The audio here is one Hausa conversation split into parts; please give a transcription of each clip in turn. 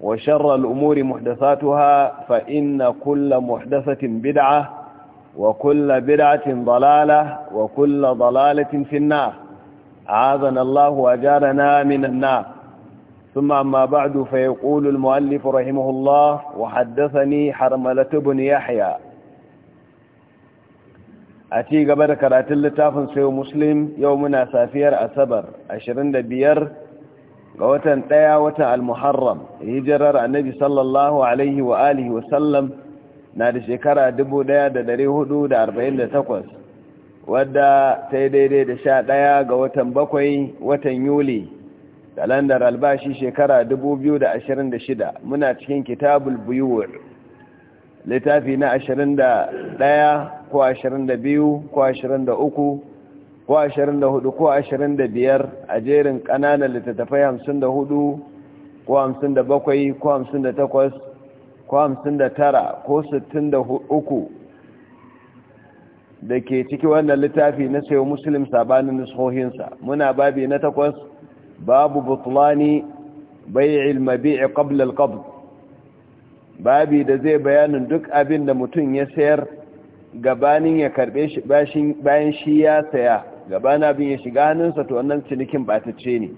وشر الأمور محدثاتها فإن كل محدثة بدعة وكل بدعة ضلالة وكل ضلالة في النار عاذنا الله وأجارنا من النار ثم أما بعد فيقول المؤلف رحمه الله وحدثني حرملة بن يحيى أتي قبل كرات اللتاف سيو مسلم يومنا سافير أسبر أشرين دبير ga watan ɗaya watan al-muharram hijirar annabi sallallahu alaihi wa alihi wa na da shekara 1448 wadda ta yi daidai da sha ɗaya ga watan bakwai watan yuli kalandar albashi shekara 2026 muna cikin kitabul buyuwar littafi na 21 ko 22 ko 23 ko 24 ko 25 a jerin ƙananan littattafai 54 ko 57 ko 58 ko 59 ko 63 da ke ciki wannan littafi na sayo musulun sabanin nusohinsa muna babi na takwas babu butulani bai'il mabi'i a al-qabd babi da zai bayanin duk abin da mutum ya sayar gabanin ya karbe bayan shi ya saya gabana bin ya shiga hannunsa to wannan cinikin ce ne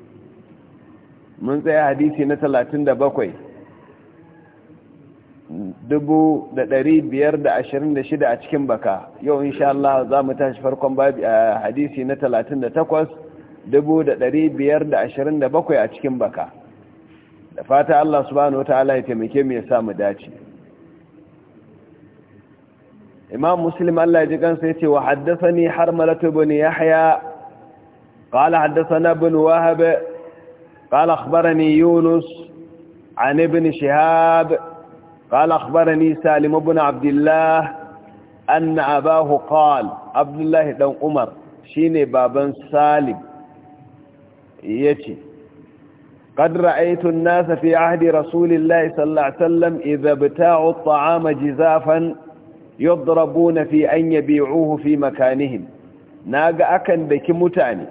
mun tsaya hadisi na 37 526 a cikin baka yau insha Allah za mu tashi farkon hadisi na 38 527 a cikin baka da fata Allah subhanahu wa ta'ala ya taimake mu ya samu dace إمام مسلم الله يجيكم سيتي وحدثني حرملة بن يحيى قال حدثنا بن وهب قال أخبرني يونس عن ابن شهاب قال أخبرني سالم بن عبد الله أن أباه قال عبد الله بن عمر شيني بابا سالم يتي قد رأيت الناس في عهد رسول الله صلى الله عليه وسلم إذا ابتاعوا الطعام جزافاً yadrabuna fi an yabi'uhu fi makanihim naga akan daki mutane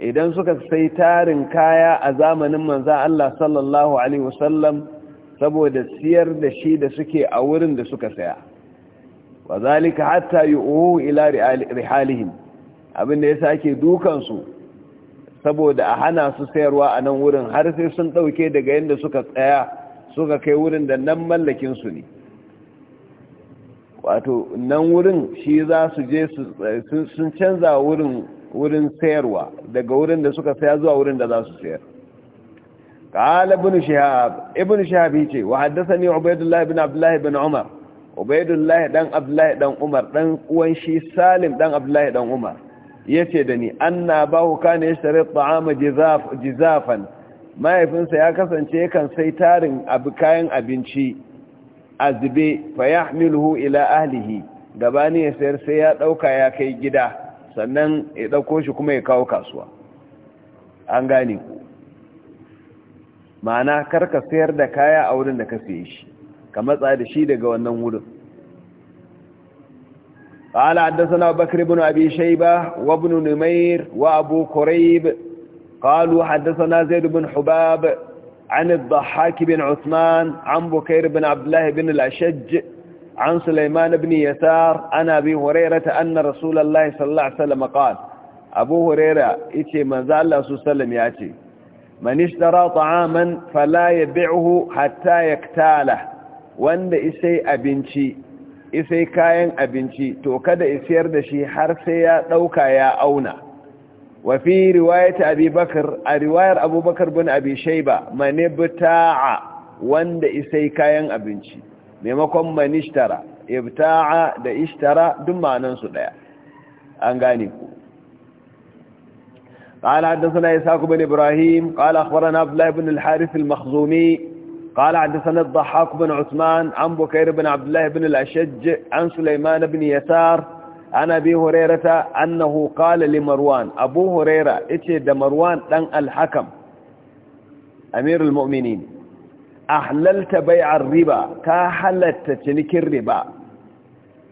idan suka sai tarin kaya a zamanin manzon Allah sallallahu alaihi wasallam saboda siyar da shi da suke a wurin da suka saya wazalika zalika hatta yu'u ila rihalihim abinda yasa ake dukan su saboda a hana su sayarwa a nan wurin har sai sun dauke daga yanda suka tsaya suka kai wurin da nan mallakin su ne wato nan wurin shi za su je sun canza wurin sayarwa daga wurin da suka saya zuwa wurin da za su sayar قال Ibn شهاب ابن شهاب يجي وحدثني a الله بن عبد الله بن عمر عبيد الله دان عبد الله uwan shi Salim dan Abdullahi dan Umar yace da ni anna bahu kana yashtari at'ama jizaf jizafan mahaifinsa ya kasance yakan sai tarin abu kayan abinci azbe fa yahmiluhu ila ahlihi gabani ya sayar sai ya dauka ya kai gida sannan ya dauko shi kuma ya kawo kasuwa an gane ku ma'ana karka sayar da kaya a wurin da ka saye shi ka matsa da shi daga wannan wurin قال حدثنا بكر بن أبي شيبة وابن نمير وابو كريب قالوا حدثنا زيد بن حباب عن الضحاك بن عثمان عن بكير بن عبد الله بن الأشج عن سليمان بن يسار عن أبي هريرة أن رسول الله صلى الله عليه وسلم قال أبو هريرة إتي من ذا الله صلى الله عليه وسلم يأتي من اشترى طعاما فلا يبيعه حتى يكتاله wanda isai abinci isai kayan abinci to kada isayar da shi har sai ya ɗauka ya auna وفي رواية أبي بكر رواية أبو بكر بن أبي شيبة من ابتاع وند إسيكاين أبنشي ميمكم من اشترى ابتاع دا اشترى دم ننسو دا أنغانيكو قال حدثنا إساق بن إبراهيم قال أخبرنا عبد الله بن الحارث المخزومي قال حدثنا الضحاك بن عثمان عن بكير بن عبد الله بن الأشج عن سليمان بن يسار ana bi hurairata annahu qala li marwan abu huraira yace da marwan dan al-hakam amirul mu'minin ahlalta bai'ar riba ka halatta cinikin riba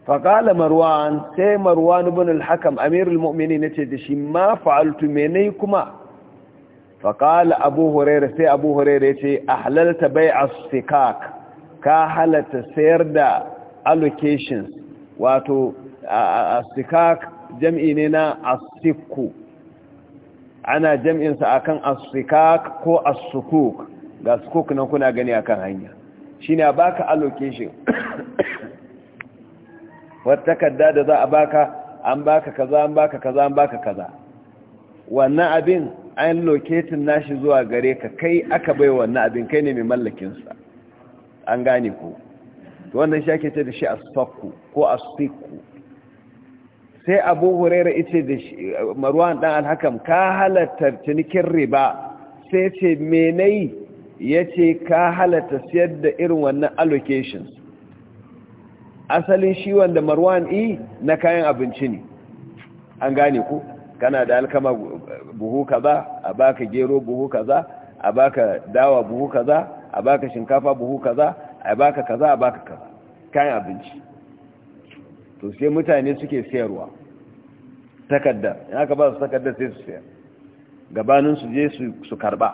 faqala marwan sai marwan ibn al-hakam amirul mu'minin yace da shi ma fa'altu menai kuma fakala abu huraira sai abu huraira yace ahlalta bai'as sikak ka halatta sayar da allocations wato asikak jam'i ne na asiku ana jam'insa akan asikak ko asukuk ga sukuk nan kuna gani akan hanya shi ne a baka allocation wata takarda da za a baka an baka kaza an baka kaza an baka kaza wannan abin an loketin nashi zuwa gare ka kai aka bai wannan abin kai ne mai mallakinsa an gane ku wannan shi ake ce da shi asfakku ko asfikku sai abu huraira ita da marwan dan alhakam ka halatta cinikin riba sai ce menai ya ce ka halatta siyar da irin wannan allocations asalin shi wanda marwan i na kayan abinci ne an gane ku kana da alkama buhu kaza a baka gero buhu kaza a baka dawa buhu kaza a baka shinkafa buhu kaza a baka kaza a baka kaza kayan abinci to sai mutane suke sayarwa takarda in aka ba su takarda sai su sayar gabanin su je su karba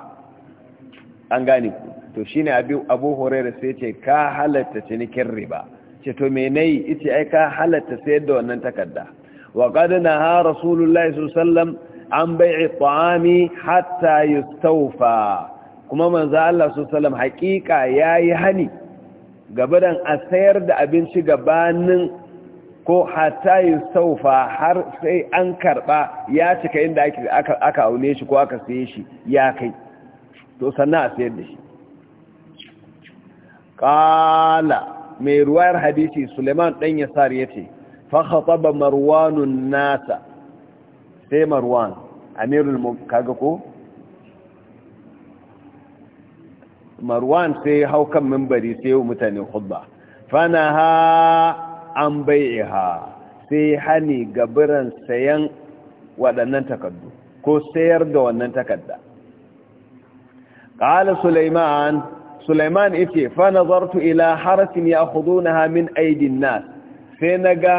an gane ku to shine abu horera sai ce ka halatta cinikin riba ce to me nayi ita ai ka halatta sayar da wannan takarda wa qad naha rasulullahi sallallahu an bai'i ta'ami hatta yustawfa kuma manzo Allah sallam haƙiƙa yayi hani gabadan a sayar da abinci gabanin ko hata yin saufa har sai an karɓa ya cika inda ake aka aune shi ko aka saye shi ya kai to sannan a sayar da shi ƙala mai ruwayar hadisi suleiman ɗan yasar ya ce fahata ba marwanun nasa sai marwan amirul kaga ko marwan sai haukan kan mimbari sai mutane khutba fana ha an bai iha sai hani biran sayan waɗannan takardu ko sayar da wannan takarda ƙala suleiman suleiman ita fa nazartu ila harasin ya hudu na hamin aidin na sai na ga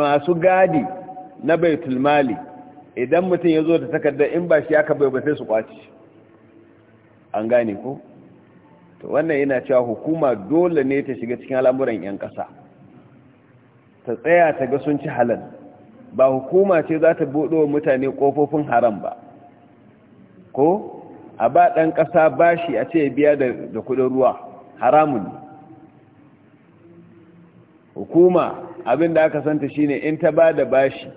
masu gadi na baitulmali idan mutum ya zo da takarda in ba shi aka bai ba sai su kwaci an gane ko to wannan yana cewa hukuma dole ne ta shiga cikin al'amuran 'yan ƙasa ta tsaya ta ga sun ci halal ba hukuma ce za ta buɗo wa mutane ƙofofin haram ba ko a ba ɗan ƙasa bashi a ce biya da kuɗin ruwa haramun hukuma abin da aka santa shine in ta ba da bashi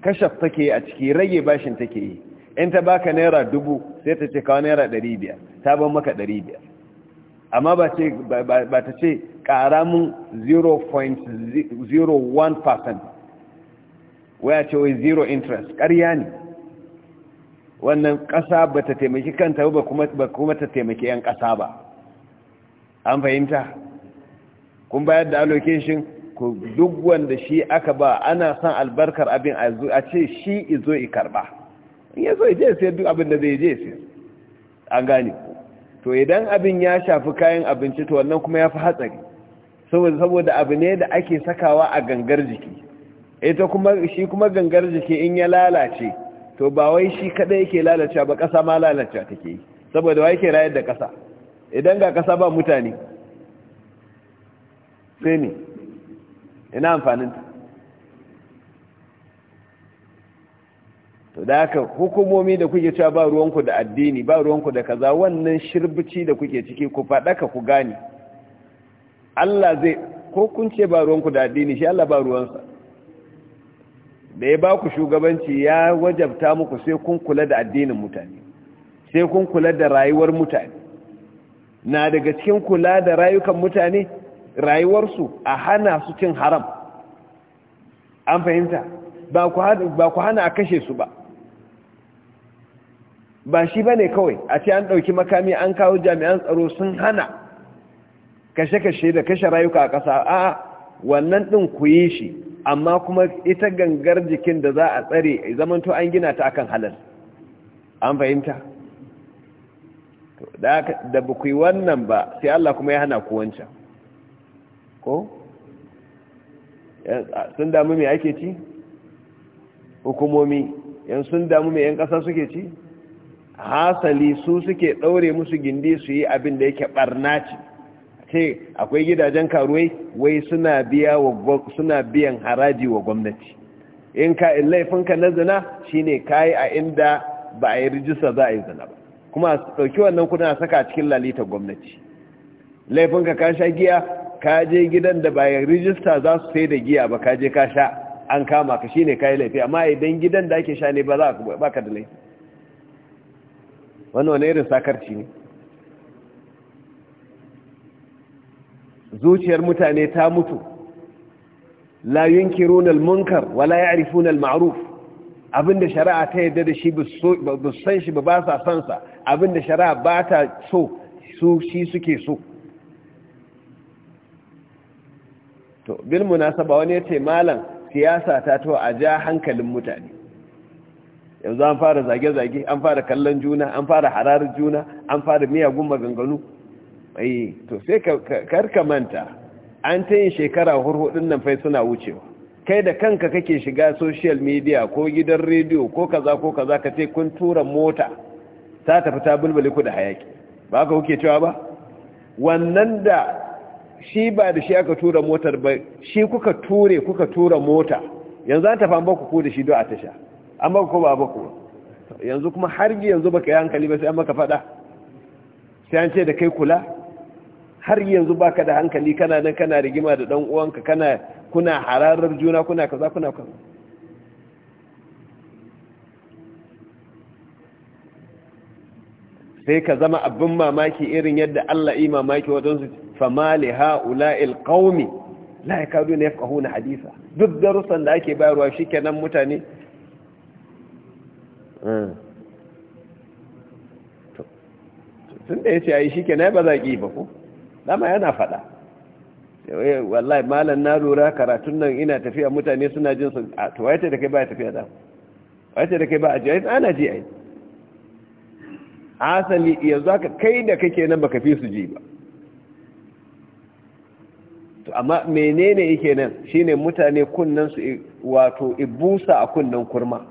kashaf take a ciki rage bashin take yi in ta baka naira dubu sai ta ce kawo naira 500 ta ban maka ɗari biyar amma ba ce ba ta ce karamin 0.01% waya ce wai zero interest ƙarya ne wannan ƙasa ba ta taimaki kanta ba kuma ta taimaki 'yan ƙasa ba an fahimta kun bayar da allocation ku duk wanda shi aka ba ana son albarkar abin a ce shi izo ikarba in yazo ije sai duk abin da zai je sai an gane to idan abin ya shafi kayan abinci to wannan kuma ya fi hatsari saboda abu ne da ake sakawa a gangar jiki ita kuma shi kuma gangar jiki in ya lalace to ba wai shi kadai yake lalacewa ba kasa ma lalacewa take yi saboda wai yake rayar da kasa idan ga kasa ba mutane sai ne ina amfaninta to da haka hukumomi da kuke cewa ba ruwanku da addini ba ruwanku da kaza wannan shirbici da kuke ciki ku ka ku gane Allah zai ko kun ce ba ruwanku da addini shi Allah ba ruwansa da ya ba ku shugabanci ya wajabta muku sai kun kula da addinin mutane sai kun kula da rayuwar mutane na daga cikin kula da rayukan mutane rayuwarsu a hana su cin haram an fahimta ba ku hana a kashe su ba ba shi ba ne kawai a ce an ɗauki makami an kawo jami'an tsaro sun hana kashe-kashe da kashe rayuka a ƙasa a wannan ɗin ku yi shi amma kuma ita gangar jikin da za a tsare zaman to an gina ta a kan halal an fahimta da ba ku yi wannan ba sai Allah kuma ya hana ku wancan ko sun damu mai ake ci hukumomi yan sun damu mai yan ƙasa suke ci hasali su suke ɗaure musu gindi su yi abin da yake ɓarna ce ce akwai gidajen karuwai wai suna biyan haraji wa gwamnati in ka in laifinka na zina shine kayi a inda ba a yi rijista za a yi zina ba kuma ɗauki wannan kudin a saka cikin lalita gwamnati laifinka ka sha giya ka je gidan da ba a yi rijista za su sai da giya ba ka je ka sha an kama ka shine kayi laifi amma idan gidan da ake sha ne ba za ka da laifi wani wani irin sakarci ne zuciyar mutane ta mutu la yunkiruna munkar wala ya'rifuna al ma'aruf. abinda shari'a ta yadda da shi ba san shi ba ba sa san sa abinda shari'a ba ta so su shi suke so to bil munasaba wani yace malam siyasa ta to a ja hankalin mutane yanzu an fara zage-zage an fara kallon juna an fara hararar juna an fara miyagun maganganu ai to sai karka manta an ta yin shekara hurhudun nan fai suna wucewa kai da kanka kake shiga social media ko gidan rediyo ko kaza ko kaza ka ce kun tura mota ta tafi ta bulbuli ku hayaki ba ka kuke cewa ba wannan da shi ba da shi aka tura motar ba shi kuka ture kuka tura mota yanzu an tafi an ba ku ku da shi do a tasha an ba ko ba ba ko yanzu kuma har yanzu baka yi hankali ba sai an maka fada sai an ce da kai kula har yanzu baka da hankali kana nan kana rigima da dan uwanka kana kuna hararar juna kuna kaza kuna kaza sai ka zama abin mamaki irin yadda Allah yi mamaki waɗansu famali ha'ula'il ƙaumi la ya kadu na hadisa duk darussan da ake bayarwa shi kenan mutane tun da ya ce shi ke na ba za ki ba ku dama yana faɗa wallahi malam na lura karatun nan ina tafiya mutane suna jin su a to da kai ba a tafiya da waye da kai ba a ji ana ji ai asali yanzu haka kai da kake nan ba fi su ji ba to amma menene yake nan shine mutane kunnan su wato ibusa a kunnan kurma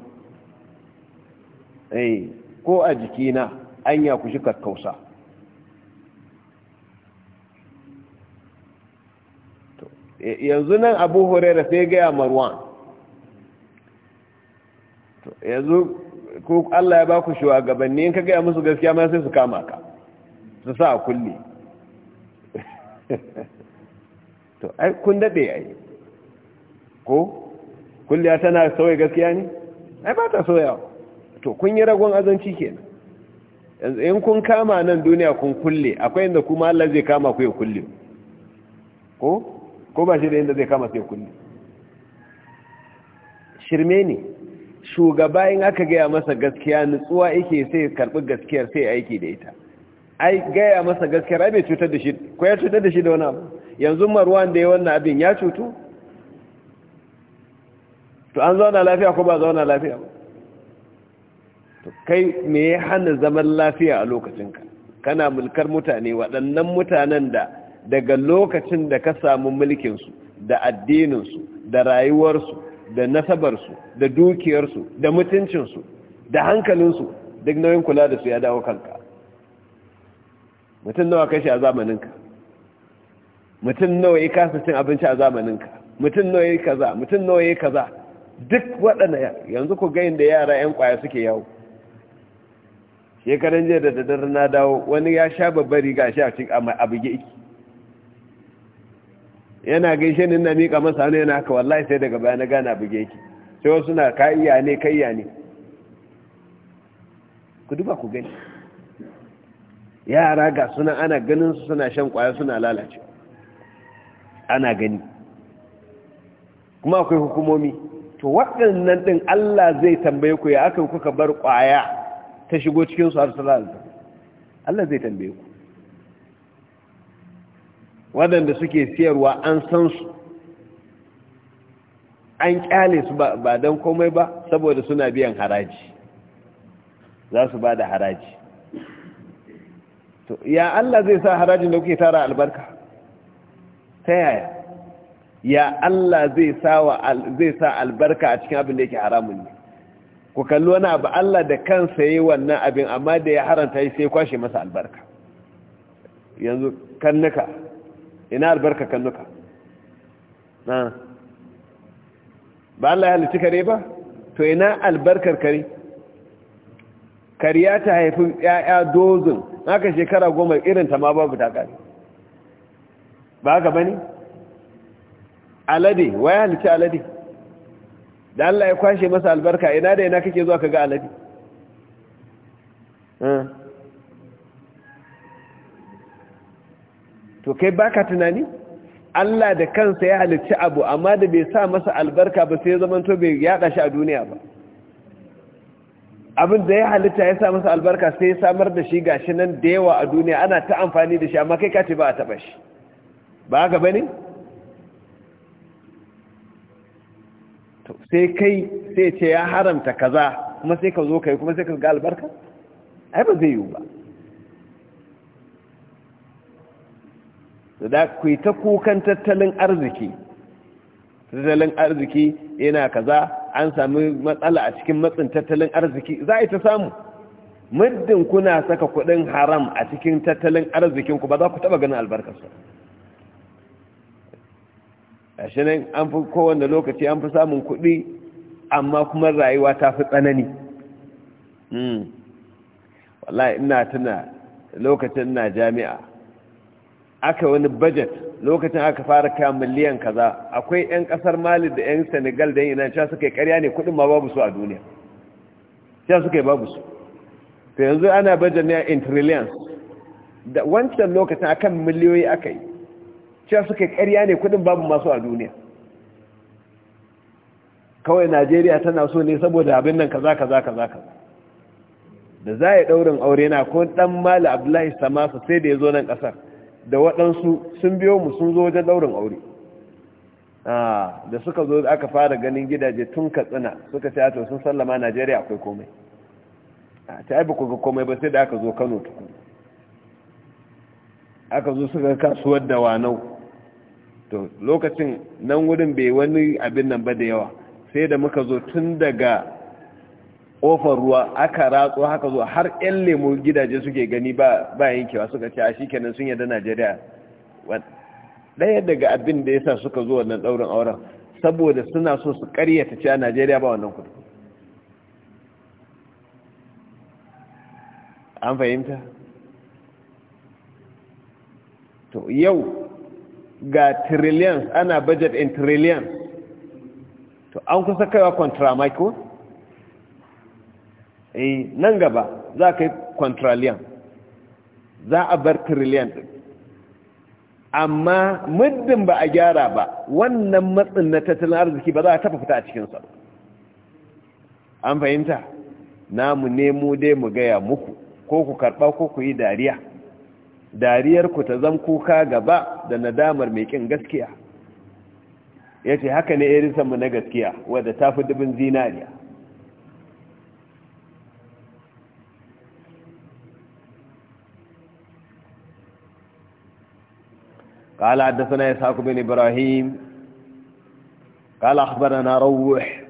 Eh, ko a jikina an ya kushi kakkausa yanzu nan abu da sai gaya marwan yanzu ko Allah ya baku shugabanni in ka gaya musu gaskiya ma sai su kama ka su sa a kulle to ai kun dade ai ko kulliya tana sauye gaskiya ne ai ba ta soyawa to kun yi ragon azanci kenan yanzu in kun kama nan duniya kun kulle akwai inda kuma Allah zai kama ku ya kulle ko ko ba shi da inda zai kama ya kulle shirme ne shugaba in aka gaya masa gaskiya nutsuwa yake sai karbi gaskiyar sai aiki da ita ai gaya masa gaskiyar ai cutar da shi ko ya cutar da shi da wani abu yanzu marwan da ya wannan abin ya cutu to an zauna lafiya ko ba zauna lafiya ba to kai me ya hana zaman lafiya a lokacinka kana mulkar mutane waɗannan mutanen da daga lokacin da ka samu mulkinsu da addininsu da rayuwarsu da nasabarsu da dukiyarsu da mutuncinsu da hankalinsu duk nauyin kula da su ya dawo kanka mutum nawa kashi a zamaninka mutum nawa ya kasa cin abinci a zamaninka mutum nawa ya kaza mutum nawa ya kaza duk waɗanda yanzu ku gayin da yara 'yan kwaya suke yawo shekaran jiya da daddare na dawo wani ya sha babbar riga shi a cikin abu ge iki yana gaishe ni na miƙa masa hannu yana haka wallahi sai daga baya na gane abu ge iki sai wasu na kaiya ne kaiya ne ku duba ku gani yara ga suna ana ganin su suna shan kwaya suna lalace ana gani kuma akwai hukumomi to waɗannan ɗin Allah zai tambaye ku ya aka kuka bar kwaya ta shigo cikin su har su Allah zai tambaye ku waɗanda suke siyarwa an san su an kyale su ba don komai ba saboda suna biyan haraji za su ba da haraji ya Allah zai sa harajin da kuke tara albarka ta yaya ya Allah zai sa albarka a cikin abin da yake haramun ne ku kalli wani abu Allah da kansa yi wannan abin amma da ya haranta yi sai kwashe masa albarka yanzu kannuka ina albarka kannuka na ba Allah ya halitta kare ba to ina albarkar kare kariya ta haifi ya'ya dozin haka shekara goma irin ta ma babu ta kare ba haka bane alade waya halitta alade da Allah ya kwashe masa albarka ina da ina kake zuwa kaga alade to kai baka tunani Allah da kansa ya halicci abu amma da bai sa masa albarka ba sai ya to bai yada shi a duniya ba abin da ya halitta ya sa masa albarka sai ya samar da shi gashi nan da yawa a duniya ana ta amfani da shi amma kai ka ce ba a taba shi ba haka bane sai kai sai ce ya haramta kaza kuma sai ka zo kai kuma sai ka ga albarka ai ba zai yiwu ba da ku ta kukan tattalin arziki tattalin arziki yana kaza an sami matsala a cikin matsin tattalin arziki za a ta samu muddin kuna saka kudin haram a cikin tattalin arzikinku ba za ku taba ganin albarkarsa shi nan an fi kowane lokaci an fi samun kuɗi amma kuma rayuwa ta fi tsanani hmm. wallahi ina tuna lokacin na jami'a aka wani budget lokacin aka fara kaya miliyan kaza akwai 'yan kasar mali da 'yan senegal da yana cewa suka yi karya ne kudin ma babu su a duniya cewa suka yi babu su ta yanzu ana budget ne a intrillions da wancan lokacin akan miliyoyi aka yi cewa suka karya ne kudin babu masu a duniya kawai najeriya tana so ne saboda abin nan kaza kaza kaza kaza da za a yi ɗaurin aure na ko ɗan mali abdullahi samasa sai da ya zo nan ƙasar da waɗansu sun biyo mu sun zo wajen ɗaurin aure ah, da suka zo aka fara ganin gidaje tun katsina suka ce ato sun sallama najeriya akwai komai ah, ta aibu ku ga komai ba sai da aka zo kano tukun aka zo suka kasuwar da wanau to lokacin nan wurin bai wani abin nan ba da yawa sai da muka zo tun daga ƙofar ruwa aka ratso haka zo har 'yan lemo gidaje suke gani ba yankewa suka ce a shi kenan sun yada najeriya ɗaya daga abin da ya sa suka zo wannan ɗaurin auren saboda suna so su ƙaryata ce a najeriya ba wannan kudu an fahimta to yau ga trillions ana budget in trillions to an kusa kaiwa micro eh nan gaba za ka yi contralian za a bar trillion din amma muddin ba a gyara ba wannan matsin na tattalin arziki ba za a taba fita a cikinsa ba an fahimta namu nemo dai mu gaya muku ko ku karɓa ko ku yi dariya dariyarku ta zan kuka gaba da nadamar mai kin gaskiya ya ce haka ne irinsanmu na gaskiya wadda ta fi dubin zinariya قال حدثنا إسحاق بن إبراهيم قال أخبرنا روح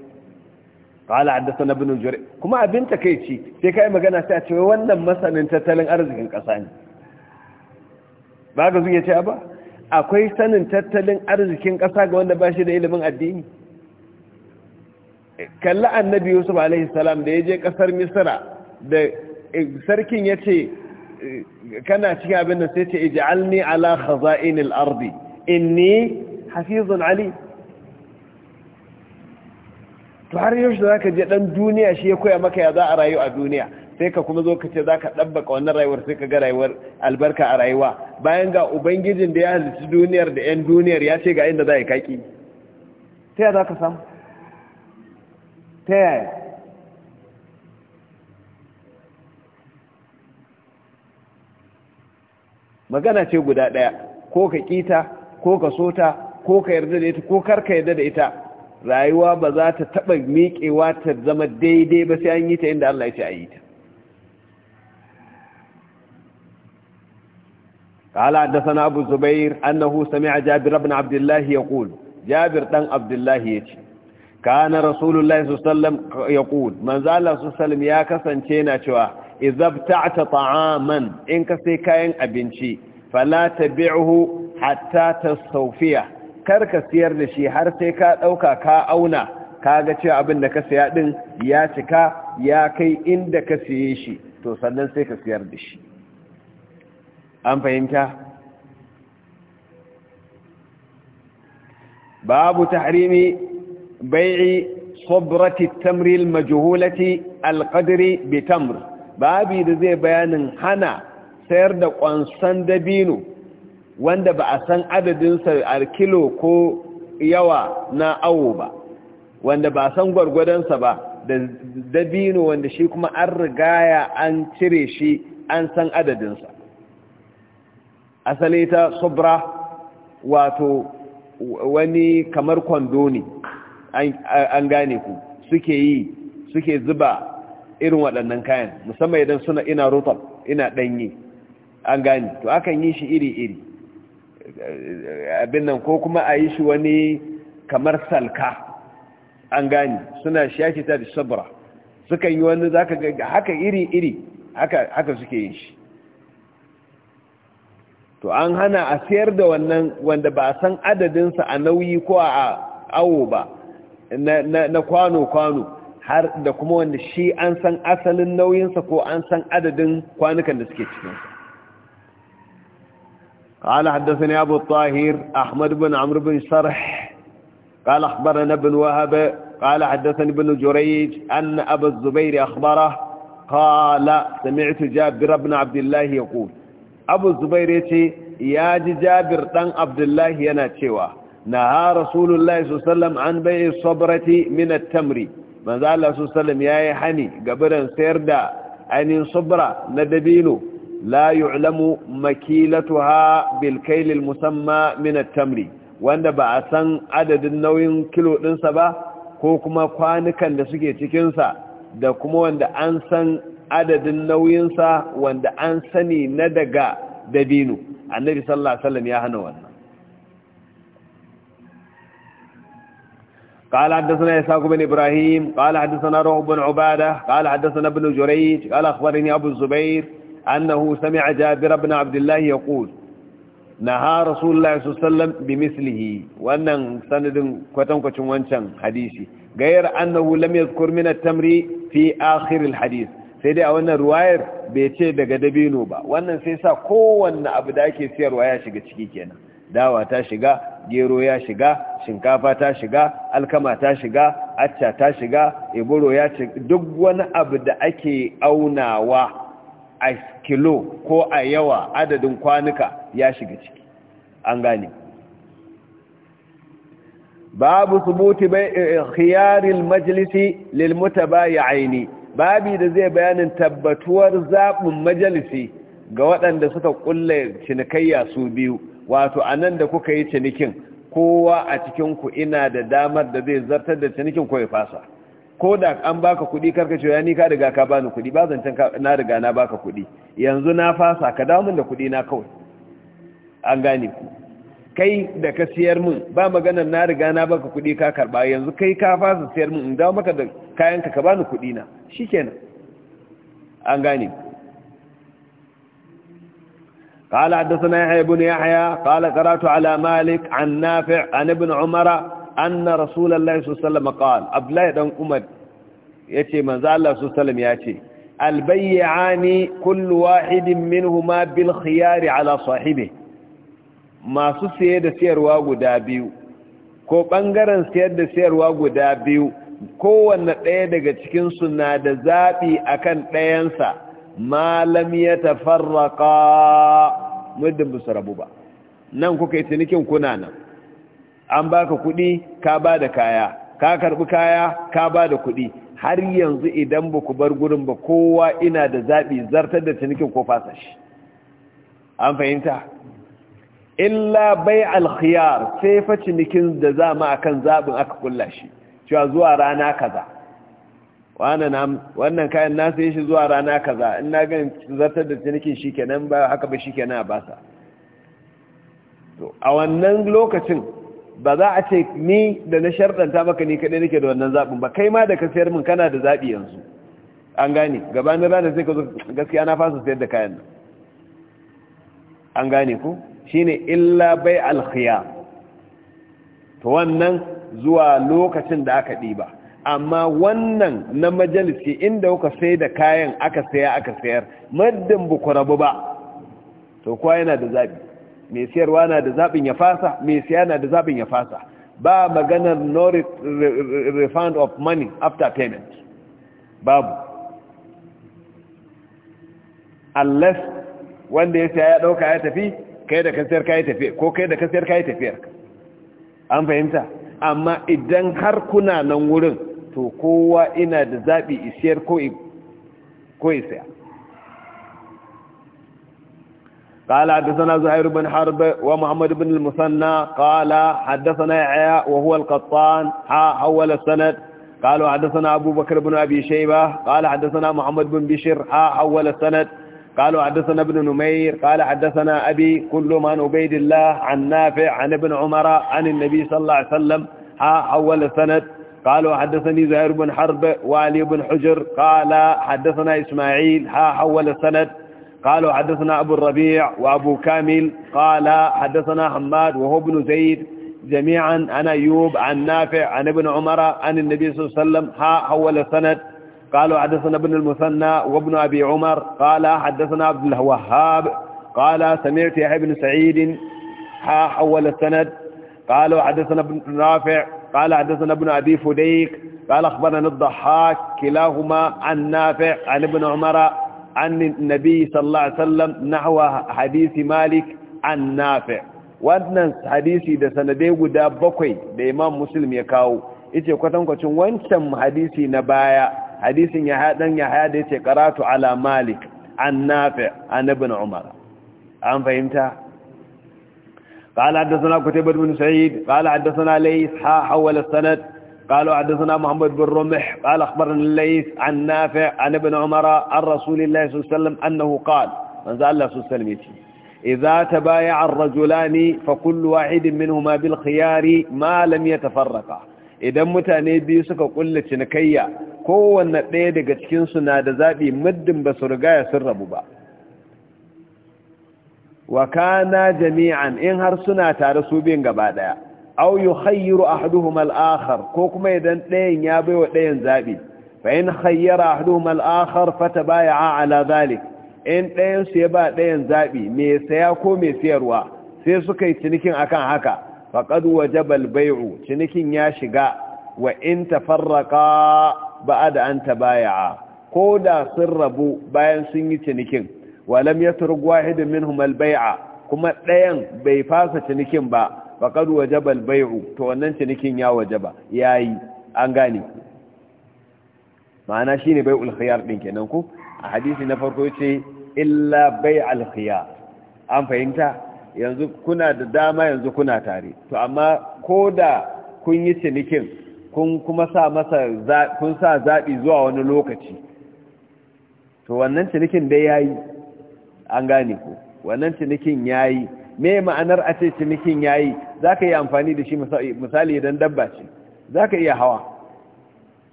قال حدثنا ابن جرير كما أبنت كيتشي تكاي مغانا تأتي وانا مثلا تتلن أرزق القصاني ba ga zuwa ce ba akwai sanin tattalin arzikin ƙasa ga wanda ba shi da ilimin addini kalli annabi yusuf alaihi salam da ya je ƙasar misira da eh, sarkin ya ce eh, kana cikin abin da sai ce alni ala al ardi inni hafizun ali to har yau da zaka je dan duniya shi ya koya maka ya za a rayu a duniya sai ka kuma zo ka ce za ka ɗabbaka wannan rayuwar sai ka ga rayuwar albarka a rayuwa bayan ga ubangijin da ya halittu duniyar da 'yan duniyar ya ce ga inda za a yi kaki ta yaya za ka samu ta yaya magana ce guda ɗaya ko ka ƙita ko ka sota ko ka yarda da ita ko kar ka yarda da ita rayuwa ba za ta taɓa miƙewa ta zama daidai ba sai an yi ta inda Allah ya ce a yi ta قال حدثنا أبو الزبير أنه سمع جابر بن عبد الله يقول جابر بن عبد الله يجي كان رسول الله صلى الله عليه وسلم يقول من ذا الله صلى الله عليه وسلم يا كسنتينا شواه إذا ابتعت طعاما إنك سيكاين أبنشي فلا تبعه حتى تستوفيه karka siyar da shi har sai ka ɗauka ka auna ka ga cewa abin da ka siya ɗin ya cika ya kai inda ka siye shi to sannan sai ka siyar da shi an fahimta babu tahrimi bai'i sabrati tamri al-majhulati al-qadri bi babu da zai bayanin hana sayar da kwansan dabino wanda ba a san adadinsa a kilo ko yawa na awo ba wanda ba san gwargwadonsa ba da dabino wanda shi kuma an rigaya an cire shi an san adadinsa asali ta subra wato wani kamar kwando ne an gane ku suke yi suke zuba irin waɗannan kayan musamman idan suna ina rotar ina ɗanyi an gane to akan yi shi iri-iri abin nan ko kuma a yi shi wani kamar salka an gane suna shaki ta da sabra sukan yi wani za ka haka iri-iri haka suke yi shi to an hana a sayar da wannan wanda ba san adadinsa a nauyi ko a awo ba na kwano-kwano har da kuma wanda shi an san asalin nauyinsa ko an san adadin kwanukan da suke cikinsa قال حدثني أبو الطاهر أحمد بن عمرو بن شرح قال أخبرنا ابن وهب قال حدثني ابن جريج أن أبا الزبير أخبره قال سمعت جابر بن عبد الله يقول abu zubair ya ce ya ji jabir ɗan abdullahi yana cewa na ha rasulullahi sallam an bai sabrati minat tamri manzo Allah sallam ya yi hani gabaran sayar da ainihin sabra na dabino la yu'lamu makilatuha bil kailil musamma minat tamri wanda ba a san adadin nauyin kilo ɗinsa ba ko kuma kwanukan da suke cikinsa da kuma wanda an san adadin nauyinsa wanda an sani na daga dabino annabi sallallahu alaihi wasallam ya hana wannan قال حدثنا إسحاق بن إبراهيم قال حدثنا روح بن عبادة قال حدثنا ابن جريج قال أخبرني أبو الزبير أنه سمع جابر بن عبد الله يقول نهى رسول الله صلى الله عليه وسلم بمثله وأن سند كتنكتن وانشان حديثي غير أنه لم يذكر من التمر في آخر الحديث sai dai a wannan ruwayar bai ce daga dabino ba wannan sai sa kowanne abu da ake siyarwa ya shiga ciki kenan dawa ta shiga gero ya shiga shinkafa ta shiga alkama ta shiga acca ta shiga iburo ya ce duk wani abu da ake aunawa a kilo ko a yawa adadin kwanuka ya shiga ciki an gane babu subuti bai eh, khiyaril majlisi lil aini. babi da zai bayanin tabbatuwar zaɓin majalisi ga waɗanda suka ƙulle cinikayya su biyu wato anan da kuka yi cinikin kowa a cikinku ina da damar da zai zartar da cinikin ko ya fasa ko da an baka kuɗi karka ce ya ni ka riga ka bani kuɗi ba zancen na riga na baka kuɗi yanzu na fasa ka damun da kuɗi na kawai an gane ku kai da ka siyar min ba maganar na riga na baka kuɗi ka karɓa yanzu kai ka fasa siyar min in dawo maka da kayanka ka bani kuɗi na shikenan an gane قال حدثنا يحيى بن يحيى قال قرات على مالك عن نافع عن ابن عمر أن رسول الله صلى الله عليه وسلم قال أبلاي دان أمد يتي من ذا الله صلى الله عليه وسلم يأتي البيعان كل واحد منهما بالخيار على صاحبه masu siye da siyarwa guda biyu ko ɓangaren siyar da siyarwa guda biyu kowanne ɗaya daga cikinsu na da zaɓi a kan ɗayansa malam ya tafarraƙa muddin busu rabu ba nan kuka yi cinikin kuna nan an baka kuɗi ka ba da kaya ka karɓi kaya ka ba da kuɗi har yanzu idan ba ku bar gurin ba kowa ina da zaɓi zartar da cinikin ko fasa shi an fahimta illa bai alkhiyar sai fa cinikin da za mu akan zaɓin aka kulla shi cewa zuwa rana kaza wannan kayan nasu yi shi zuwa rana kaza in na gani zartar da cinikin shi kenan ba haka ba shi kenan a basa a wannan lokacin ba za a ce ni da na sharɗanta maka ni kaɗai nake da wannan zaɓin ba kai ma da ka sayar min kana da zaɓi yanzu an gane gabanin ranar sai ka zo gaskiya na fasa sayar da kayan nan an gane ku shine illa bai alkhiya to wannan zuwa lokacin da aka ɗiba amma wannan na majalisi inda kuka sai da kayan aka saya aka sayar maddin buku rabu ba to kuwa yana da zaɓi mai sayarwa na da zaɓin ya fasa mai saya na da zaɓin ya fasa ba maganar no refund of money after payment babu unless wanda ya saya ya ɗauka ya tafi kai da ka sayar ka yi tafiya ko kai da ka sayar ka yi tafiyar an fahimta amma idan har kuna nan wurin to kowa ina da zaɓi isiyar ko isiya قال حدثنا زهير بن حرب ومحمد بن المثنى قال حدثنا يحيى وهو القطان ها حول السند قالوا حدثنا أبو بكر بن أبي شيبة قال حدثنا محمد بن بشير ها حول السند قالوا حدثنا ابن نمير قال حدثنا أبي كل من أبيد الله عن نافع عن ابن عمر عن النبي صلى الله عليه وسلم ها أول سند قالوا حدثني زهير بن حرب وعلي بن حجر قال حدثنا إسماعيل ها حول السند قالوا حدثنا أبو الربيع وأبو كامل قال حدثنا حماد وهو ابن زيد جميعا عن أيوب عن نافع عن ابن عمر عن النبي صلى الله عليه وسلم ها حول السند قالوا حدثنا ابن المثنى وابن أبي عمر قال حدثنا عبد الوهاب قال سمعت يحيى بن سعيد حول السند قالوا حدثنا ابن رافع قال حدثنا ابن أبي فديك قال أخبرنا الضحاك كلاهما عن نافع عن ابن عمر عن النبي صلى الله عليه وسلم نحو حديث مالك عن نافع وأن حديثي ده سنده guda bakwai ده إمام مسلم يكاو kawo ita kwatankwacin وانتم حديثي نبايا حديث ya haɗan ya على مالك عن نافع عن ابن عمر nafi an قال حدثنا كتيبة بن سعيد قال حدثنا ليث حا حول السند قالوا حدثنا محمد بن رمح قال أخبرنا الليث عن نافع عن ابن عمر عن رسول الله صلى الله عليه وسلم أنه قال من زال الله صلى الله عليه وسلم إذا تبايع الرجلان فكل واحد منهما بالخيار ما لم يتفرقا إذا متاني بيسك كل تنكيا kowanne ɗaya daga cikinsu na da zaɓi muddin ba su rigaya sun rabu ba wa kana jami'an in har suna tare su biyan gaba ɗaya au yi hayyaru a haduhum ko kuma idan ɗayan ya bai wa ɗayan zaɓi fa in hayyara a haduhum al'akhar fata baya a ala zalik in ɗayansu ya ba ɗayan zaɓi mai saya ko mai sayarwa sai suka yi cinikin akan haka Fakad wajabal bai'u cinikin ya shiga wa in tafarraqa ba'da an tabaya'a ko da sun rabu bayan sun yi cinikin wa lam yatruk wahidun minhum kuma ɗayan bai fasa cinikin ba faqad wajaba al to wannan cinikin ya wajaba yayi an gane ma'ana shine bai'ul khiyar din kenan ku. a hadisi na farko yace illa bai'al khiyar an fahimta yanzu kuna da dama yanzu kuna tare to amma ko da kun yi cinikin kun kuma sa masa kun sa zaɓi zuwa wani lokaci to wannan cinikin dai ya yi an gane ku wannan cinikin ya yi me ma'anar a ce cinikin ya yi za ka yi amfani da shi misali idan dabba ce za ka iya hawa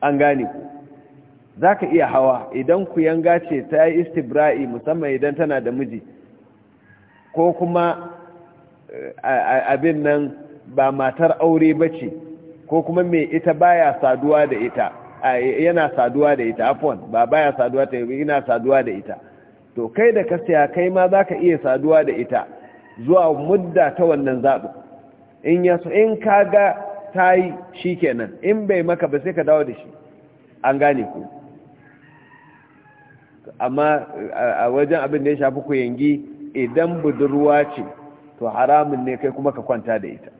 an gane ku za ka iya hawa idan ku yanga ce ta yi istibra'i musamman idan tana da miji ko kuma eh, abin nan ba matar aure ba ce ko kuma me ita baya saduwa da ita yana saduwa da ita afwan ba baya saduwa ta yana saduwa da ita to kai da ka saya kai ma zaka iya saduwa da ita zuwa mudda ta wannan zabi in ya so in kaga tayi shikenan in bai maka ba sai ka dawo da shi an gane ku amma a wajen abin da ya shafi ku yangi idan budurwa ce to haramun ne kai kuma ka kwanta da ita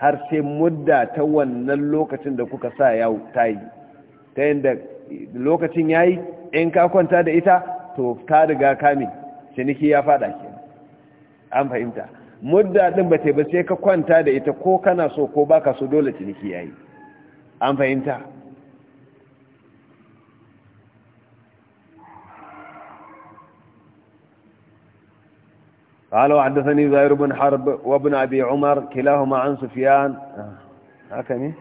har sai mudda ta wannan lokacin da kuka sa yau ta yi ta yadda lokacin ya yi in ka kwanta da ita to ka riga kame ciniki ya fada ke an fahimta mudda ɗin ba ta ba sai ka kwanta da ita ko kana so ko baka so dole ciniki ya yi an fahimta قال وحدثني زهير بن حرب وابن أبي عمر كلاهما عن سفيان آه. هكذا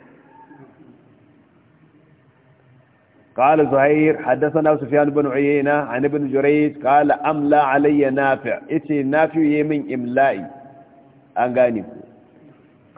قال زهير حدثنا سفيان بن عيينة عن ابن جريج قال أملى علي نافع إتي نافع يمن إملائي أنقاني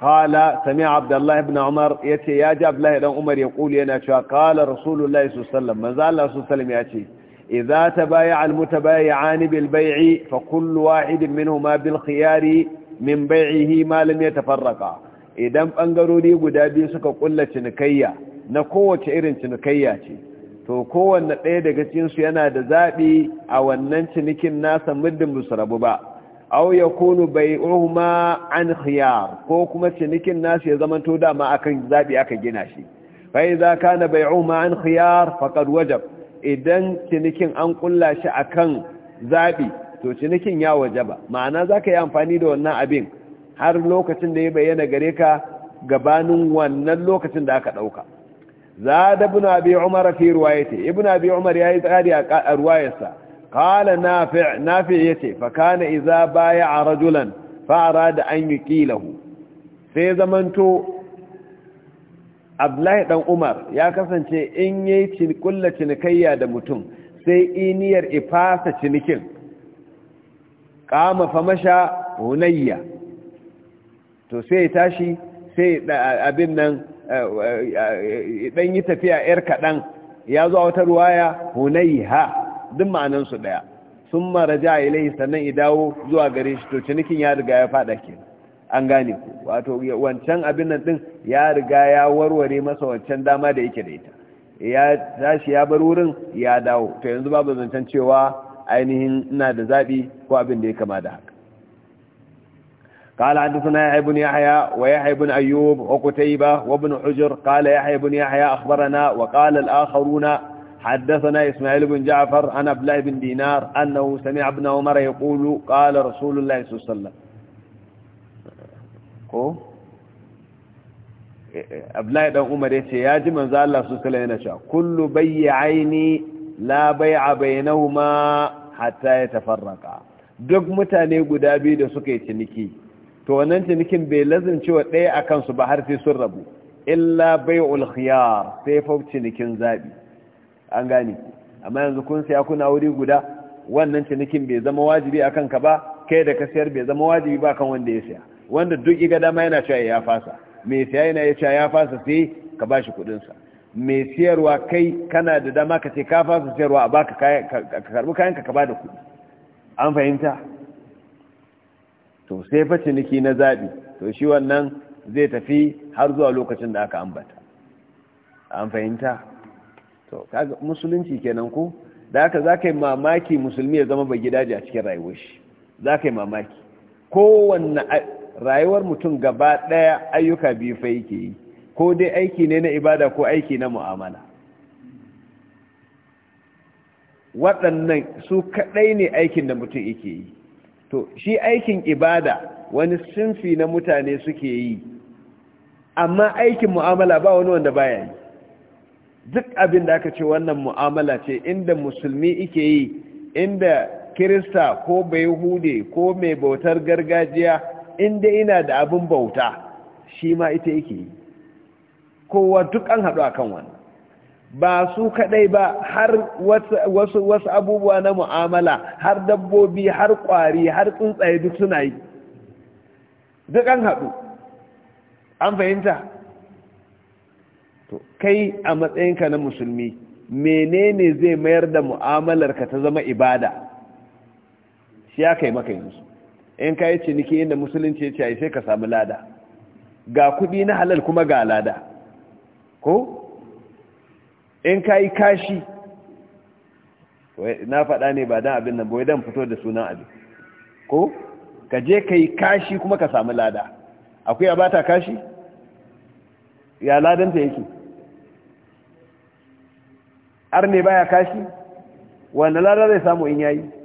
قال سمع عبد الله بن عمر يتي يا جاب الله إذا عمر يقول ينا قال رسول الله صلى الله عليه وسلم من زال الله صلى الله عليه وسلم يأتي إذا تبايع المتبايعان بالبيع فكل واحد منهما بالخيار من بيعه ما لم يتفرقا idan ɓangarori guda biyu suka kulla cinikayya na kowace irin cinikayya ce to kowanne ɗaya daga cinsu yana da zaɓi a wannan cinikin nasa muddin musu rabu ba Auya ya kunu bai ruhuma an khiyar ko kuma cinikin nasu ya zamanto dama akan zaɓi aka gina shi fa iza kana bai ruhuma an khiyar faqad wajab idan cinikin an kulla shi a kan zaɓi to cinikin ya ba ma'ana za ka yi amfani da wannan abin har lokacin da ya bayyana gare ka gabanin wannan lokacin da aka ɗauka. da ibn abi umar fi yi ibn abi umar yayi tsari a na qala ya ce faka na iza baya a rajulan fara da an ƙilahu sai zamanto abdullahi dan umar ya kasance in yi kulla cinikayya da mutum sai iniyar ifasa cinikin kama famasha hunayya to sai tashi sai abin nan eh, eh, eh, dan yi tafiya yar kaɗan ya zuwa wata ruwaya hunayha duk ma'anansu ɗaya sun mara ja ilai sannan idawo zuwa gare shi to cinikin ya riga ya faɗa kenan an gane ku wato wancan abin nan din ya riga ya warware masa wancan dama da yake da ita ya tashi ya bar wurin ya dawo to yanzu babu zancen cewa ainihin ina da zabi ko abin da ya kama da haka قال حدثنا يحيى بن يحيى ويحيى بن أيوب وقتيبة وابن حجر قال يحيى بن يحيى أخبرنا وقال الآخرون حدثنا إسماعيل بن جعفر عن أبلاء بن دينار أنه سمع ابن عمر يقول قال رسول الله صلى الله عليه وسلم ko abdullahi dan umar ya ce ya ji manzo Allah su kala yana cewa kullu aini la bay'a bainahuma hatta yatafarraqa duk mutane guda biyu da suka yi ciniki to wannan cinikin bai lazance wa ɗaya akan su ba har sai sun rabu illa bai'ul khiyar sai fa cinikin zabi an gane amma yanzu kun saya kuna wuri guda wannan cinikin bai zama wajibi akan ka ba kai da ka bai zama wajibi ba kan wanda ya saya wanda duk iga dama yana cewa ya fasa Me siya yana ya cewa ya fasa sai ka ba shi kudinsa me siyarwa kai kana da dama ka ce ka fasa siyarwa a baka ka karbi kayanka ka ba da kudi an fahimta to sai fa ciniki na zaɓi to shi wannan zai tafi har zuwa lokacin da aka ambata an fahimta to kaga musulunci kenan ko da haka za ka yi mamaki musulmi ya zama bai gidaje a cikin rayuwar shi za ka yi mamaki kowanne rayuwar mutum gaba ɗaya ayyuka biyu fa yake yi ko dai aiki ne na ibada ko aiki na mu'amala waɗannan su kaɗai ne aikin da mutum yake yi to shi aikin ibada wani sinfi na mutane suke yi amma aikin mu'amala ba wani wanda baya yi duk abin da aka ce wannan mu'amala ce inda musulmi ike yi inda kirista ko bai hude ko mai bautar gargajiya inda ina da abin bauta shi ma ita yake yi kowa duk an haɗu akan wani. ba su kaɗai ba har wasu abubuwa na mu'amala har dabbobi har ƙwari har tsuntsaye duk suna yi duk an haɗu an fahimta kai a matsayinka na musulmi menene zai mayar da mu'amalarka ta zama ibada shi ya kai maka yanzu in ka yi ciniki inda musulunci ya ce sai ka samu lada ga kuɗi na halal kuma ga lada ko in ka yi kashi na faɗa ne ba don abin nan bai don fito da sunan abin ko ka je ka yi kashi kuma ka samu lada akwai ya bata kashi ya ladanta yake ar ne baya kashi wanda lada zai samu in yayi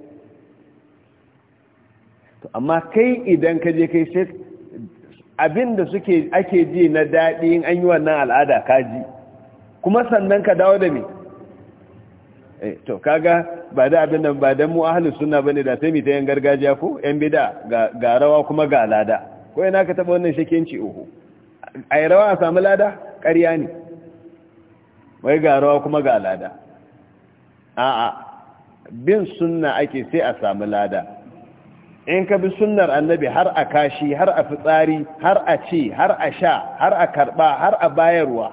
amma kai idan ka je kai sai abin da suke ake ji na daɗi in an yi wannan al'ada ka ji kuma sannan ka dawo da me eh, to kaga ba da abin nan ba dan mu ahlus sunna bane da sai mi ta yan gargajiya ko yan bid'a ga ga rawa kuma ga lada ko ina ka taba wannan shekenci oho ai rawa a samu lada ƙarya ne wai ga rawa kuma ga lada a'a bin sunna ake sai a samu lada in ka bi sunnar annabi har a kashi har a fitsari har a ci har a sha har a karba har a bayarwa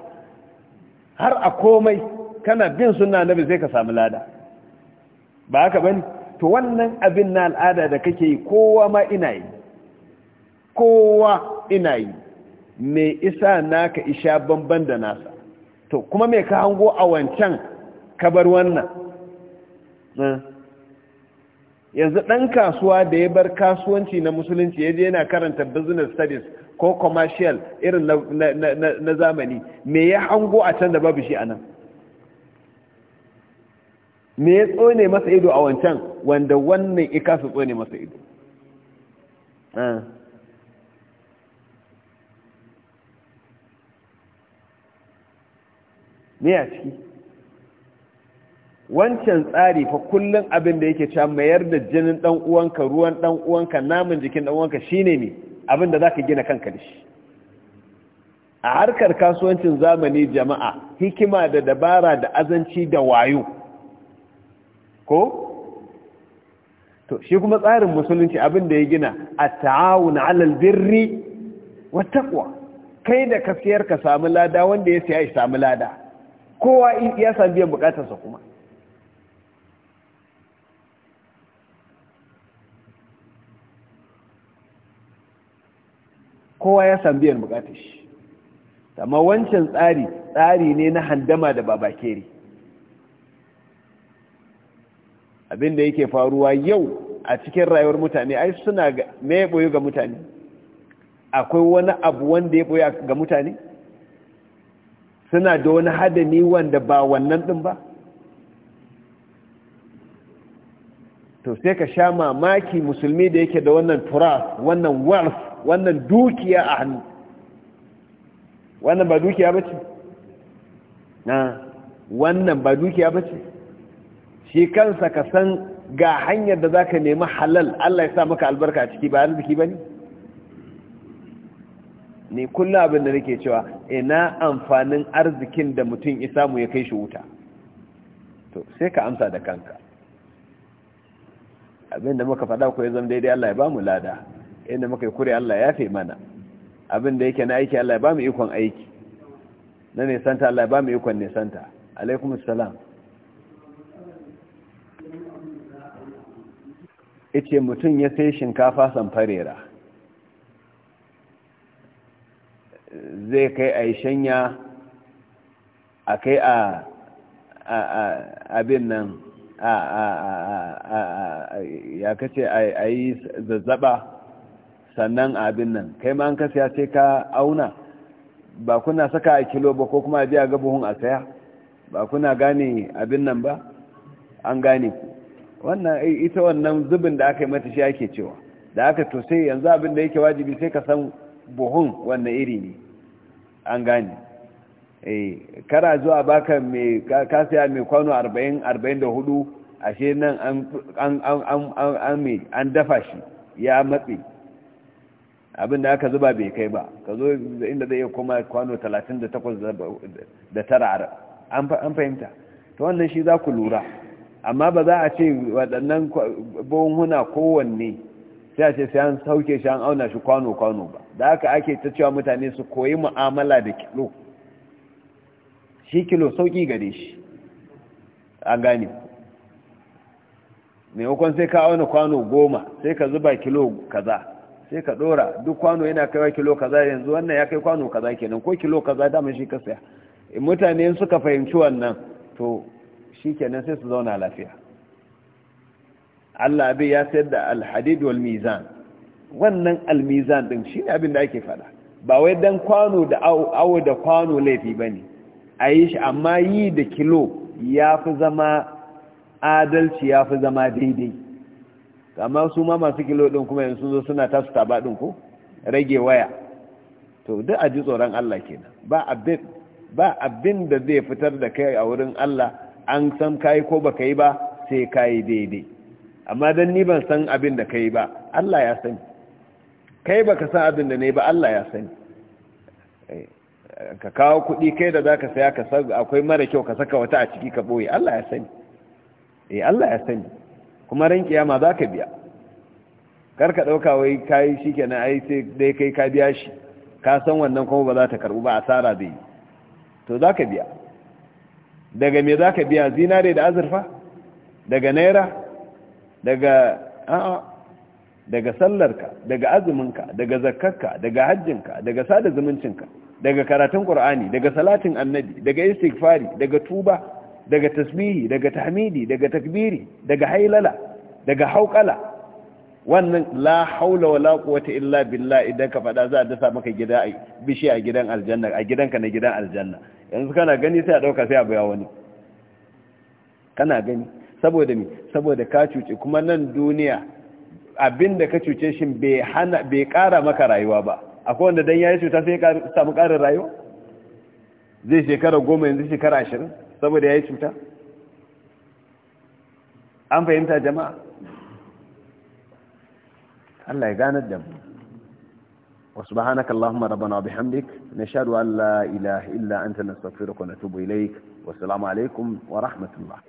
har a komai kana bin sunna annabi sai ka samu lada ba haka bane to wannan abin na al'ada da kake yi kowa ma ina yi kowa ina yi mai isa naka isha bamban da nasa to kuma mai ka hango a wancan kabar wannan eh? yanzu ɗan kasuwa da ya bar kasuwanci na musulunci ya je yana karanta business studies ko commercial irin na zamani me ya hango a can da babu shi a nan me ya tsone masa ido a wancan wanda wannan ika su tsone masa ido ne a ciki wancan tsari fa kullum abin da yake cewa mayar da jinin dan uwanka ruwan dan uwanka namun jikin dan uwanka shine ne abin da zaka gina kanka da shi a harkar kasuwancin zamani jama'a hikima da dabara da azanci da wayo ko to shi kuma tsarin musulunci abin da ya gina at-ta'awun 'alal birri wa taqwa kai da kasiyar ka samu lada wanda ya siya ya samu lada kowa ya san biyan bukatarsa kuma kowa ya san biyan bukatar shi amma wancan tsari tsari ne na handama da babakere abinda yake faruwa yau a cikin rayuwar mutane ai suna me ya boye ga mutane akwai wani abu wanda ya boye ga mutane suna da wani hadani wanda ba wannan din ba to sai ka sha mamaki musulmi da yake da wannan turas wannan wealth wannan dukiya a hannu wannan ba dukiya ba ce na wannan ba dukiya ba ce shi kansa ka san ga hanyar da za ka nemi halal Allah ya sa maka albarka a ciki ba arziki ba ne ne kullum abin da nake cewa ina amfanin arzikin da mutum ya samu ya kai shi wuta to sai ka amsa da kanka abin da muka faɗa ko ya zama daidai Allah ya ba mu lada inda muka yi kure Allah ya fi mana abin yake na aiki Allah ya ba mu ikon aiki na nisanta Allah ya ba mu ikon nisanta alaikum salam ice mutum ya sai shinkafa samfarera zai kai a yi shanya a kai a abin nan ya kace a zazzaɓa. a sannan abin nan kai ma an ka siya sai ka auna ba kuna saka a kilo ba ko kuma a biya ga buhun a saya ba kuna gane abin nan ba an gane ku wannan eh, ita wannan zubin da aka yi mata shi ake cewa da aka to sai yanzu abin da yake wajibi sai ka san buhun wannan iri ne an gane eh, kara zuwa baka mai ka saya mai kwano 40 44 ashe nan an an dafa shi ya matsi abin da aka zuba bai kai ba ka zo inda zai iya koma kwano 38 an fahimta ta wannan shi za ku lura amma ba za a ce waɗannan huna kowanne sai a ce sai an sauke shi an auna shi kwano-kwano ba da aka ake ta cewa mutane su koyi mu'amala da kilo shi kilo sauƙi gare shi an gane maimakon sai ka auna kwano goma sai ka zuba kilo kaza sai ka dora duk kwano yana kaiwa kilo kaza yanzu wannan ya kai kwano kaza kenan ko kilo kaza dama shi ka saya mutane suka fahimci wannan to shi kenan sai su zauna lafiya Allah abin ya sayar da alhadid wal mizan wannan almizan din shine abin da ake faɗa ba wai dan kwano da awo da kwano laifi bane ayi shi amma yi da kilo yafi zama adalci yafi zama daidai amma su ma masu kilo din kuma yanzu zo suna tasu taba din ko rage waya to duk a ji tsoron Allah kenan ba abin ba abin da zai fitar da kai a wurin Allah an san kai ko baka yi ba sai kai daidai amma dan ni ban san abin da kai ba Allah ya sani kai baka san abin da ne ba Allah ya sani eh, ka kawo kuɗi kai da zaka saya ka akwai mara kyau ka saka wata a ciki ka boye Allah ya sani eh Allah ya sani kuma ran kiyama za ka biya karka ɗauka wai kayi shi kenan ai sai dai kai ka biya shi ka san wannan kuma ba za ta karɓu ba asara zai yi to za ka biya daga me za ka biya zinare da azurfa daga naira daga a'a daga sallarka daga azuminka daga zakkarka daga hajjinka daga sada zumuncinka daga karatun qur'ani daga salatin annabi daga istighfari daga tuba daga tasbihi daga tahmidi daga takbiri daga hailala daga haukala wannan la haula wala quwwata illa billah idan ka fada za a dasa maka gida ai bishi a gidan aljanna a gidanka na gidan aljanna yanzu kana gani sai a dauka sai a baya wani kana gani saboda me saboda ka cuce kuma nan duniya abinda ka cuce shin bai hana bai kara maka rayuwa ba akwai wanda dan yayi cuta sai ya samu karin rayuwa zai shekara goma yanzu shekara ashirin saboda yayi cuta an fahimta jama'a الله يقاند الدم وسبحانك اللهم ربنا وبحمدك نشهد أن لا إله إلا أنت نستغفرك ونتوب إليك والسلام عليكم ورحمة الله